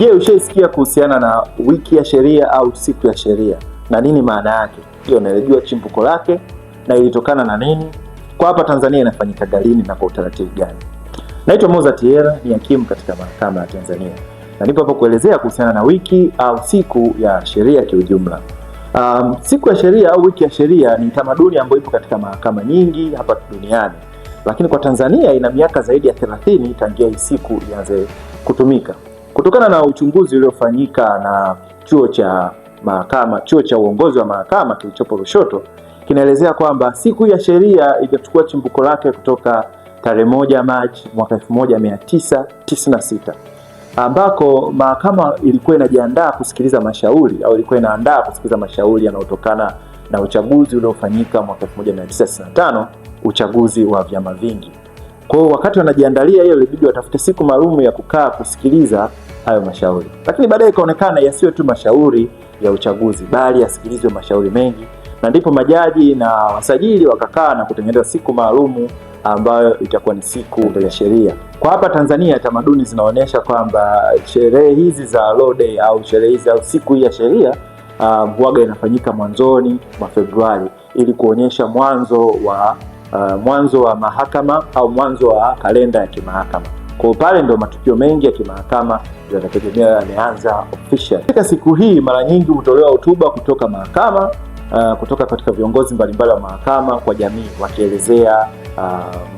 Je, ushaisikia kuhusiana na wiki ya sheria au siku ya sheria na nini maana yake? Je, nalijua chimbuko lake na ilitokana na nini? Kwa hapa Tanzania inafanyika galini na kwa utaratibu gani? Naitwa Moza Tiera, ni hakimu katika mahakama ya Tanzania na nipo hapo kuelezea kuhusiana na wiki au siku ya sheria kiujumla. Um, siku ya sheria au wiki ya sheria ni tamaduni ambayo ipo katika mahakama nyingi hapa duniani, lakini kwa Tanzania ina miaka zaidi ya 30 tangia hii siku ianze kutumika. Kutokana na uchunguzi uliofanyika na chuo cha mahakama, chuo cha uongozi wa mahakama kilichopo Lushoto kinaelezea kwamba siku ya sheria itachukua chimbuko lake kutoka tarehe moja Machi mwaka 1996 ambako mahakama ilikuwa inajiandaa kusikiliza mashauri au ilikuwa inaandaa kusikiliza mashauri yanayotokana na uchaguzi uliofanyika mwaka 1995, uchaguzi wa vyama vingi. Kwa hiyo wakati wanajiandalia hiyo, ilibidi watafute siku maalum ya kukaa kusikiliza hayo mashauri, lakini baadaye ikaonekana yasiwe tu mashauri ya uchaguzi, bali yasikilizwe mashauri mengi, na ndipo majaji na wasajili wakakaa na kutengeneza siku maalumu ambayo itakuwa ni siku ya sheria. Kwa hapa Tanzania tamaduni zinaonyesha kwamba sherehe hizi za Law Day au sherehe hizi au siku hii ya sheria um, huaga inafanyika mwanzoni mwa Februari ili kuonyesha mwanzo wa uh, mwanzo wa mahakama au mwanzo wa kalenda ya kimahakama. Kwa pale ndo matukio mengi ya kimahakama yanategemea yameanza official. Katika siku hii mara nyingi hutolewa hotuba kutoka mahakama uh, kutoka katika viongozi mbalimbali wa mahakama kwa jamii wakielezea uh,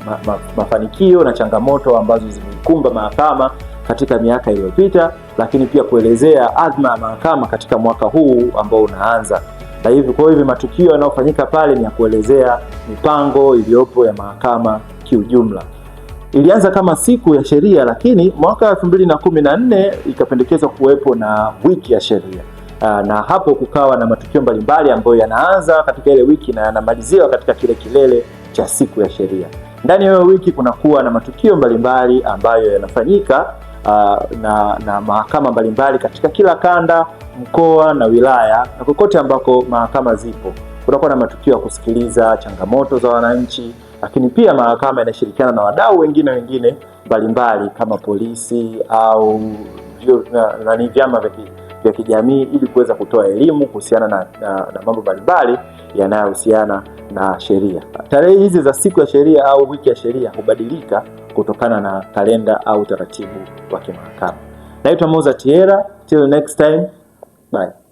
ma, ma, mafanikio na changamoto ambazo zimeikumba mahakama katika miaka iliyopita, lakini pia kuelezea azma ya mahakama katika mwaka huu ambao unaanza na hivi. Kwa hivi matukio yanayofanyika pale ni ya kuelezea mipango iliyopo ya mahakama kiujumla. Ilianza kama siku ya sheria, lakini mwaka 2014 ikapendekezwa kuwepo na wiki ya sheria ah, na hapo kukawa na matukio mbalimbali ambayo yanaanza katika ile wiki na yanamaliziwa katika kile kilele cha siku ya sheria. Ndani ya hiyo wiki kunakuwa na matukio mbalimbali ambayo yanafanyika ah, na, na mahakama mbalimbali katika kila kanda mkoa na wilaya na kokote ambako mahakama zipo, kunakuwa na matukio ya kusikiliza changamoto za wananchi, lakini pia mahakama inashirikiana na wadau wengine wengine mbalimbali kama polisi au nani vyama vya kijamii ili kuweza kutoa elimu kuhusiana na, na, na mambo mbalimbali yanayohusiana na sheria. Tarehe hizi za siku ya sheria au wiki ya sheria hubadilika kutokana na kalenda au utaratibu wa kimahakama. Naitwa Moza Tiera, till next time. Bye.